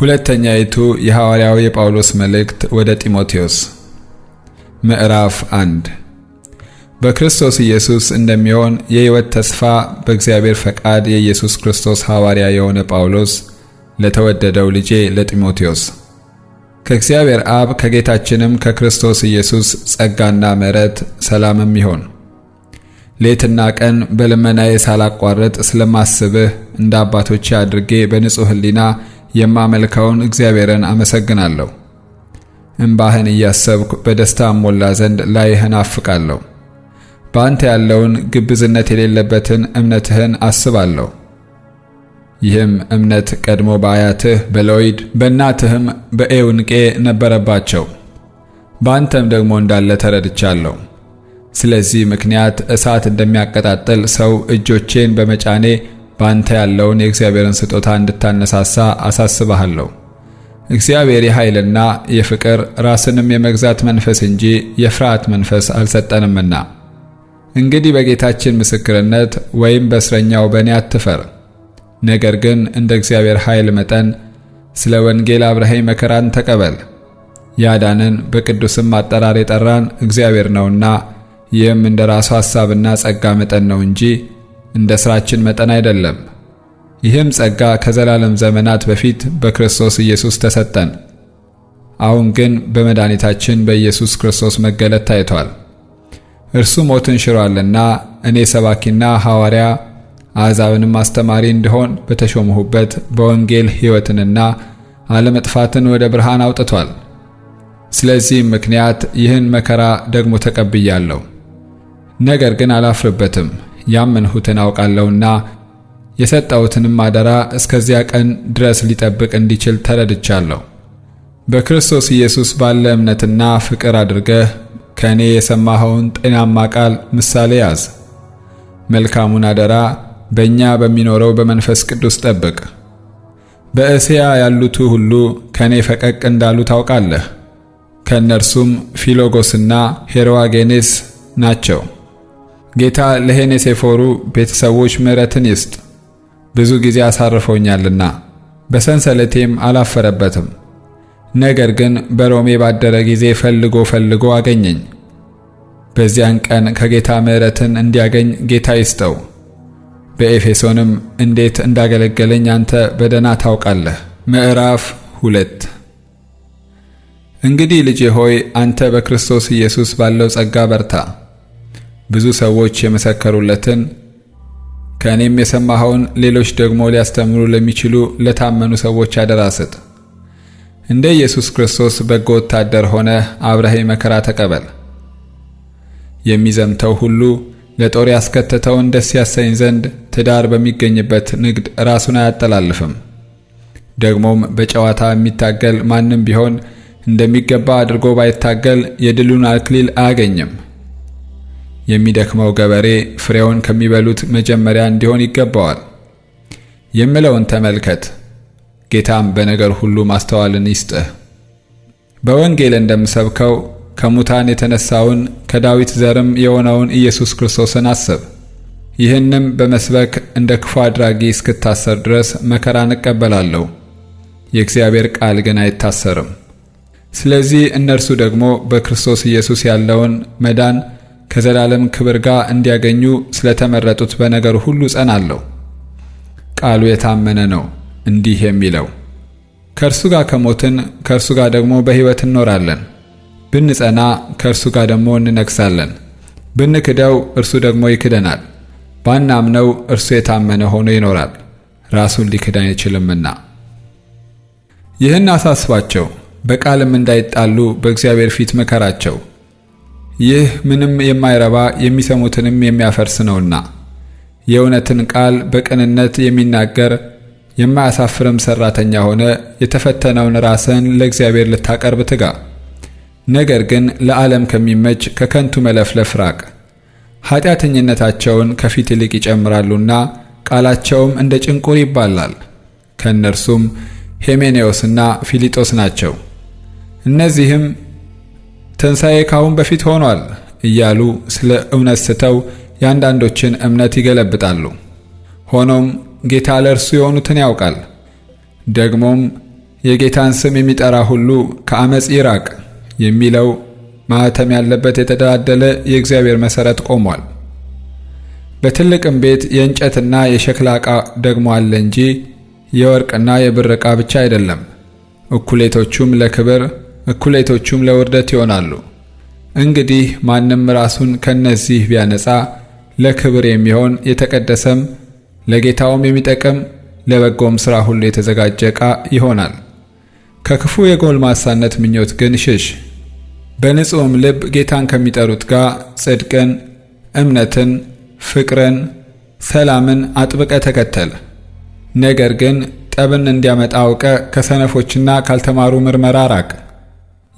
ሁለተኛይቱ የሐዋርያው የጳውሎስ መልእክት ወደ ጢሞቴዎስ ምዕራፍ አንድ በክርስቶስ ኢየሱስ እንደሚሆን የሕይወት ተስፋ በእግዚአብሔር ፈቃድ የኢየሱስ ክርስቶስ ሐዋርያ የሆነ ጳውሎስ ለተወደደው ልጄ ለጢሞቴዎስ ከእግዚአብሔር አብ ከጌታችንም ከክርስቶስ ኢየሱስ ጸጋና ምሕረት ሰላምም ይሆን። ሌትና ቀን በልመናዬ ሳላቋረጥ ስለማስብህ እንደ አባቶቼ አድርጌ በንጹሕ ሕሊና የማመልከውን እግዚአብሔርን አመሰግናለሁ። እምባህን እያሰብኩ በደስታ ሞላ ዘንድ ላይህ አፍቃለሁ። በአንተ ያለውን ግብዝነት የሌለበትን እምነትህን አስባለሁ። ይህም እምነት ቀድሞ በአያትህ በሎይድ በእናትህም በኤውንቄ ነበረባቸው፣ በአንተም ደግሞ እንዳለ ተረድቻለሁ። ስለዚህ ምክንያት እሳት እንደሚያቀጣጥል ሰው እጆቼን በመጫኔ በአንተ ያለውን የእግዚአብሔርን ስጦታ እንድታነሳሳ አሳስባለሁ። እግዚአብሔር የኃይልና የፍቅር ራስንም የመግዛት መንፈስ እንጂ የፍርሃት መንፈስ አልሰጠንምና። እንግዲህ በጌታችን ምስክርነት ወይም በእስረኛው በእኔ አትፈር። ነገር ግን እንደ እግዚአብሔር ኃይል መጠን ስለ ወንጌል አብረኸኝ መከራን ተቀበል። ያዳንን በቅዱስም አጠራር የጠራን እግዚአብሔር ነውና፣ ይህም እንደ ራሱ ሐሳብና ጸጋ መጠን ነው እንጂ እንደ ሥራችን መጠን አይደለም። ይህም ጸጋ ከዘላለም ዘመናት በፊት በክርስቶስ ኢየሱስ ተሰጠን፣ አሁን ግን በመድኃኒታችን በኢየሱስ ክርስቶስ መገለጥ ታይቷል። እርሱ ሞትን ሽሯልና እኔ ሰባኪና ሐዋርያ አሕዛብንም አስተማሪ እንድሆን በተሾምሁበት በወንጌል ሕይወትንና አለመጥፋትን ወደ ብርሃን አውጥቷል። ስለዚህም ምክንያት ይህን መከራ ደግሞ ተቀብያለሁ። ነገር ግን አላፍርበትም ያመንሁትን አውቃለሁና የሰጠሁትንም አደራ እስከዚያ ቀን ድረስ ሊጠብቅ እንዲችል ተረድቻለሁ። በክርስቶስ ኢየሱስ ባለ እምነትና ፍቅር አድርገህ ከእኔ የሰማኸውን ጤናማ ቃል ምሳሌ ያዝ። መልካሙን አደራ በእኛ በሚኖረው በመንፈስ ቅዱስ ጠብቅ። በእስያ ያሉቱ ሁሉ ከእኔ ፈቀቅ እንዳሉ ታውቃለህ። ከእነርሱም ፊሎጎስና ሄሮዋጌኔስ ናቸው። ጌታ ለሄኔሴፎሩ ቤተሰቦች ምሕረትን ይስጥ፣ ብዙ ጊዜ አሳርፈውኛልና በሰንሰለቴም አላፈረበትም። ነገር ግን በሮሜ ባደረ ጊዜ ፈልጎ ፈልጎ አገኘኝ። በዚያን ቀን ከጌታ ምሕረትን እንዲያገኝ ጌታ ይስጠው። በኤፌሶንም እንዴት እንዳገለገለኝ አንተ በደና ታውቃለህ። ምዕራፍ ሁለት እንግዲህ ልጄ ሆይ አንተ በክርስቶስ ኢየሱስ ባለው ጸጋ በርታ። ብዙ ሰዎች የመሰከሩለትን ከእኔም የሰማኸውን ሌሎች ደግሞ ሊያስተምሩ ለሚችሉ ለታመኑ ሰዎች አደራ ስጥ። እንደ ኢየሱስ ክርስቶስ በጎ ወታደር ሆነ አብረህ መከራ ተቀበል። የሚዘምተው ሁሉ ለጦር ያስከተተውን ደስ ያሰኝ ዘንድ ትዳር በሚገኝበት ንግድ ራሱን አያጠላልፍም። ደግሞም በጨዋታ የሚታገል ማንም ቢሆን እንደሚገባ አድርጎ ባይታገል የድሉን አክሊል አያገኝም። የሚደክመው ገበሬ ፍሬውን ከሚበሉት መጀመሪያ እንዲሆን ይገባዋል። የምለውን ተመልከት። ጌታም በነገር ሁሉ ማስተዋልን ይስጥህ። በወንጌል እንደምሰብከው ከሙታን የተነሳውን ከዳዊት ዘርም የሆነውን ኢየሱስ ክርስቶስን አስብ። ይህንም በመስበክ እንደ ክፉ አድራጊ እስክታሰር ድረስ መከራን እቀበላለሁ። የእግዚአብሔር ቃል ግን አይታሰርም። ስለዚህ እነርሱ ደግሞ በክርስቶስ ኢየሱስ ያለውን መዳን ከዘላለም ክብር ጋር እንዲያገኙ ስለተመረጡት በነገር ሁሉ ጸናለሁ። ቃሉ የታመነ ነው እንዲህ የሚለው ከእርሱ ጋር ከሞትን ከእርሱ ጋር ደግሞ በሕይወት እንኖራለን። ብንጸና ከእርሱ ጋር ደግሞ እንነግሳለን። ብንክደው እርሱ ደግሞ ይክደናል። ባናምነው እርሱ የታመነ ሆኖ ይኖራል፣ ራሱን ሊክድ አይችልምና። ይህን አሳስባቸው፣ በቃልም እንዳይጣሉ በእግዚአብሔር ፊት ምከራቸው። ይህ ምንም የማይረባ የሚሰሙትንም የሚያፈርስ ነውና የእውነትን ቃል በቅንነት የሚናገር የማያሳፍርም ሰራተኛ ሆነ የተፈተነውን ራስን ለእግዚአብሔር ልታቀርብ ትጋ። ነገር ግን ለዓለም ከሚመች ከከንቱ መለፍለፍ ራቅ። ኃጢአተኝነታቸውን ከፊት ይልቅ ይጨምራሉና ቃላቸውም እንደ ጭንቁር ይባላል። ከእነርሱም ሄሜኔዎስና ፊሊጦስ ናቸው። እነዚህም ትንሣኤ ካሁን በፊት ሆኗል እያሉ ስለ እውነት ስተው የአንዳንዶችን እምነት ይገለብጣሉ። ሆኖም ጌታ ለእርሱ የሆኑትን ያውቃል። ደግሞም የጌታን ስም የሚጠራ ሁሉ ከአመፅ ይራቅ የሚለው ማኅተም ያለበት የተደላደለ የእግዚአብሔር መሠረት ቆሟል። በትልቅም ቤት የእንጨትና የሸክላ ዕቃ ደግሞ አለ እንጂ የወርቅና የብር ዕቃ ብቻ አይደለም። እኩሌቶቹም ለክብር እኩሌቶቹም ለውርደት ይሆናሉ። እንግዲህ ማንም ራሱን ከነዚህ ቢያነጻ ለክብር የሚሆን የተቀደሰም ለጌታውም የሚጠቅም ለበጎም ሥራ ሁሉ የተዘጋጀ ዕቃ ይሆናል። ከክፉ የጎልማሳነት ምኞት ግን ሽሽ። በንጹሕም ልብ ጌታን ከሚጠሩት ጋር ጽድቅን፣ እምነትን፣ ፍቅርን፣ ሰላምን አጥብቀ ተከተል። ነገር ግን ጠብን እንዲያመጣ አውቀ ከሰነፎችና ካልተማሩ ምርመራ ራቅ።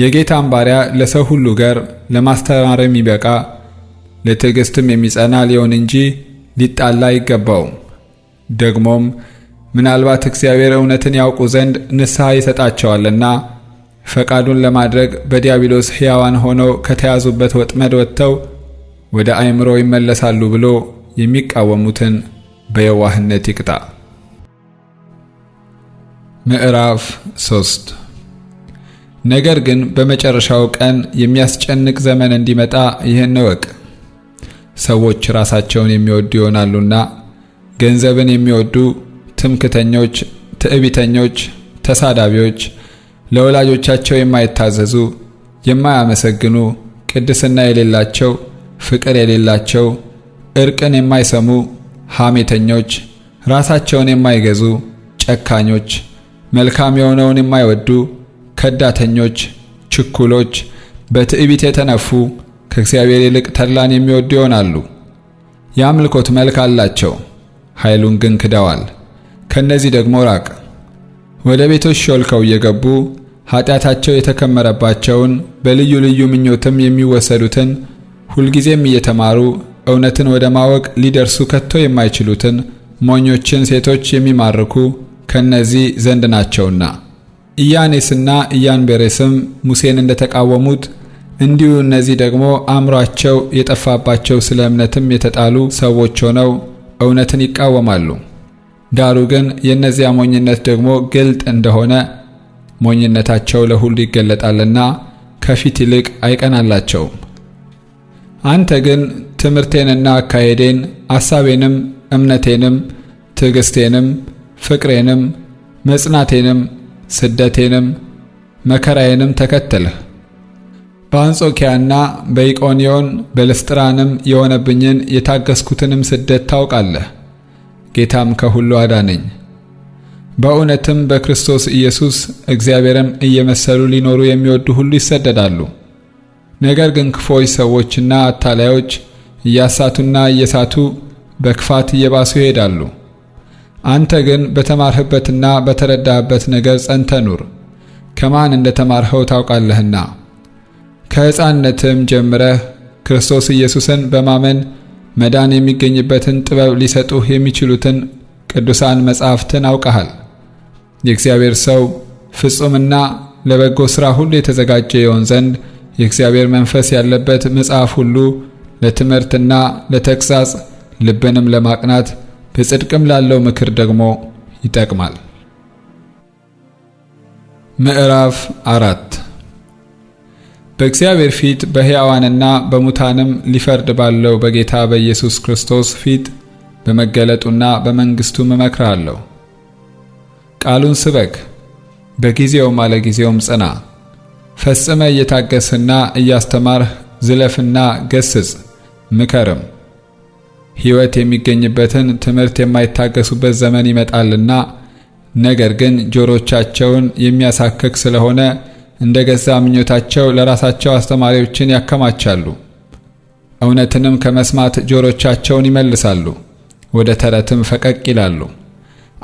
የጌታን ባሪያ ለሰው ሁሉ ገር ለማስተማር የሚበቃ ለትዕግስትም የሚጸና ሊሆን እንጂ ሊጣላ አይገባውም። ደግሞም ምናልባት እግዚአብሔር እውነትን ያውቁ ዘንድ ንስሐ ይሰጣቸዋልና ፈቃዱን ለማድረግ በዲያብሎስ ሕያዋን ሆነው ከተያዙበት ወጥመድ ወጥተው ወደ አእምሮ ይመለሳሉ ብሎ የሚቃወሙትን በየዋህነት ይቅጣ። ምዕራፍ 3 ነገር ግን በመጨረሻው ቀን የሚያስጨንቅ ዘመን እንዲመጣ ይህን እወቅ። ሰዎች ራሳቸውን የሚወዱ ይሆናሉና፣ ገንዘብን የሚወዱ ትምክተኞች፣ ትዕቢተኞች፣ ተሳዳቢዎች፣ ለወላጆቻቸው የማይታዘዙ፣ የማያመሰግኑ፣ ቅድስና የሌላቸው፣ ፍቅር የሌላቸው፣ እርቅን የማይሰሙ፣ ሐሜተኞች፣ ራሳቸውን የማይገዙ፣ ጨካኞች፣ መልካም የሆነውን የማይወዱ ከዳተኞች፣ ችኩሎች፣ በትዕቢት የተነፉ ከእግዚአብሔር ይልቅ ተድላን የሚወዱ ይሆናሉ። የአምልኮት መልክ አላቸው፣ ኃይሉን ግን ክደዋል። ከእነዚህ ደግሞ ራቅ። ወደ ቤቶች ሾልከው እየገቡ ኃጢአታቸው የተከመረባቸውን በልዩ ልዩ ምኞትም የሚወሰዱትን ሁልጊዜም እየተማሩ እውነትን ወደ ማወቅ ሊደርሱ ከቶ የማይችሉትን ሞኞችን ሴቶች የሚማርኩ ከእነዚህ ዘንድ ናቸውና። ኢያኔስና ኢያንቤሬስም ሙሴን እንደተቃወሙት እንዲሁ እነዚህ ደግሞ አእምሯቸው የጠፋባቸው ስለ እምነትም የተጣሉ ሰዎች ሆነው እውነትን ይቃወማሉ። ዳሩ ግን የእነዚያ ሞኝነት ደግሞ ግልጥ እንደሆነ ሞኝነታቸው ለሁሉ ይገለጣልና ከፊት ይልቅ አይቀናላቸውም። አንተ ግን ትምህርቴንና አካሄዴን አሳቤንም እምነቴንም ትዕግስቴንም ፍቅሬንም መጽናቴንም ስደቴንም መከራዬንም ተከተልህ። በአንጾኪያና በኢቆንዮን በልስጥራንም የሆነብኝን የታገስኩትንም ስደት ታውቃለህ። ጌታም ከሁሉ አዳነኝ። በእውነትም በክርስቶስ ኢየሱስ እግዚአብሔርም እየመሰሉ ሊኖሩ የሚወዱ ሁሉ ይሰደዳሉ። ነገር ግን ክፎች ሰዎችና አታላዮች እያሳቱና እየሳቱ በክፋት እየባሱ ይሄዳሉ። አንተ ግን በተማርህበትና በተረዳህበት ነገር ጸንተ ኑር፣ ከማን እንደ ተማርኸው ታውቃለህና። ከሕፃንነትም ጀምረህ ክርስቶስ ኢየሱስን በማመን መዳን የሚገኝበትን ጥበብ ሊሰጡህ የሚችሉትን ቅዱሳን መጻሕፍትን አውቀሃል። የእግዚአብሔር ሰው ፍጹምና ለበጎ ሥራ ሁሉ የተዘጋጀ የሆን ዘንድ የእግዚአብሔር መንፈስ ያለበት መጽሐፍ ሁሉ ለትምህርትና ለተግሣጽ ልብንም ለማቅናት በጽድቅም ላለው ምክር ደግሞ ይጠቅማል። ምዕራፍ አራት በእግዚአብሔር ፊት በሕያዋንና በሙታንም ሊፈርድ ባለው በጌታ በኢየሱስ ክርስቶስ ፊት በመገለጡና በመንግሥቱም እመክርሃለሁ። ቃሉን ስበክ፣ በጊዜውም አለጊዜውም ጽና። ፈጽመ እየታገስህና እያስተማርህ ዝለፍና ገስጽ ምከርም። ሕይወት የሚገኝበትን ትምህርት የማይታገሱበት ዘመን ይመጣልና። ነገር ግን ጆሮቻቸውን የሚያሳክክ ስለሆነ እንደ ገዛ ምኞታቸው ለራሳቸው አስተማሪዎችን ያከማቻሉ። እውነትንም ከመስማት ጆሮቻቸውን ይመልሳሉ፣ ወደ ተረትም ፈቀቅ ይላሉ።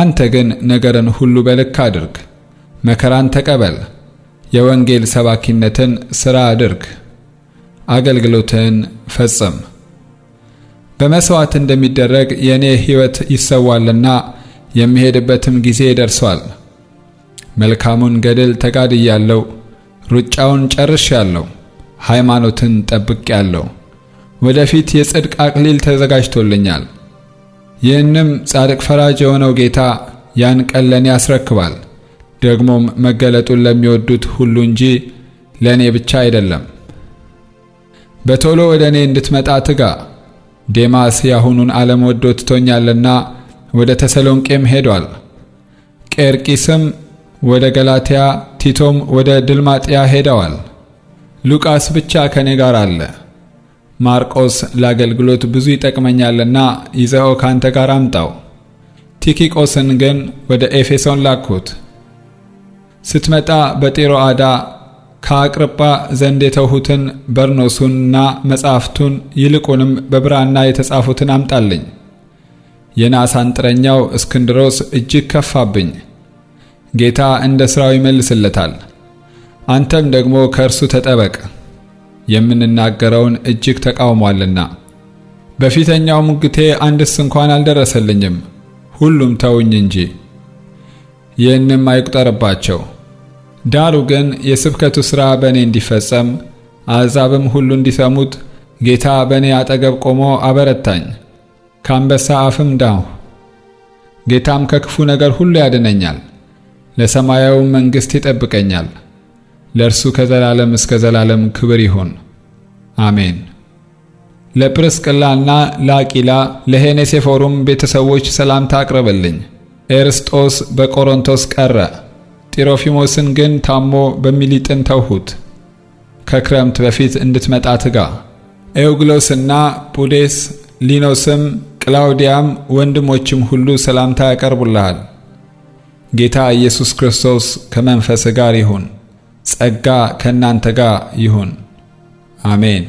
አንተ ግን ነገርን ሁሉ በልክ አድርግ፣ መከራን ተቀበል፣ የወንጌል ሰባኪነትን ሥራ አድርግ፣ አገልግሎትህን ፈጽም። በመስዋዕት እንደሚደረግ የእኔ ሕይወት ይሰዋልና የሚሄድበትም ጊዜ ደርሷል። መልካሙን ገድል ተጋድያለሁ፣ ሩጫውን ጨርሻለሁ፣ ሃይማኖትን ጠብቄያለሁ። ወደፊት የጽድቅ አክሊል ተዘጋጅቶልኛል። ይህንም ጻድቅ ፈራጅ የሆነው ጌታ ያን ቀን ለእኔ ያስረክባል። ደግሞም መገለጡን ለሚወዱት ሁሉ እንጂ ለእኔ ብቻ አይደለም። በቶሎ ወደ እኔ እንድትመጣ ትጋ። ዴማስ ያሁኑን ዓለም ወዶ ትቶኛልና ወደ ተሰሎንቄም ሄዷል። ቄርቂስም ወደ ገላትያ፣ ቲቶም ወደ ድልማጥያ ሄደዋል። ሉቃስ ብቻ ከኔ ጋር አለ። ማርቆስ ለአገልግሎት ብዙ ይጠቅመኛልና ይዘኸው ካንተ ጋር አምጣው። ቲኪቆስን ግን ወደ ኤፌሶን ላኩት። ስትመጣ በጢሮአዳ ከአቅርጳ ዘንድ የተውሁትን በርኖሱንና መጻሕፍቱን ይልቁንም በብራና የተጻፉትን አምጣልኝ። የናስ አንጥረኛው እስክንድሮስ እጅግ ከፋብኝ። ጌታ እንደ ሥራው ይመልስለታል። አንተም ደግሞ ከእርሱ ተጠበቅ፣ የምንናገረውን እጅግ ተቃውሟልና። በፊተኛው ሙግቴ አንድስ እንኳን አልደረሰልኝም፣ ሁሉም ተውኝ እንጂ። ይህንም አይቁጠርባቸው ዳሩ ግን የስብከቱ ሥራ በእኔ እንዲፈጸም አሕዛብም ሁሉ እንዲሰሙት ጌታ በእኔ አጠገብ ቆሞ አበረታኝ፣ ከአንበሳ አፍም ዳንሁ። ጌታም ከክፉ ነገር ሁሉ ያድነኛል፣ ለሰማያዊውም መንግሥት ይጠብቀኛል። ለእርሱ ከዘላለም እስከ ዘላለም ክብር ይሁን፣ አሜን። ለጵርስቅላና ለአቂላ ለሄኔሴፎሩም ቤተሰቦች ሰላምታ አቅርብልኝ። ኤርስጦስ በቆሮንቶስ ቀረ። ጢሮፊሞስን ግን ታሞ በሚሊጥን ተውሁት። ከክረምት በፊት እንድትመጣ ትጋ። ኤውግሎስና ፑዴስ ሊኖስም ቅላውዲያም ወንድሞችም ሁሉ ሰላምታ ያቀርቡልሃል። ጌታ ኢየሱስ ክርስቶስ ከመንፈስ ጋር ይሁን። ጸጋ ከእናንተ ጋር ይሁን። አሜን።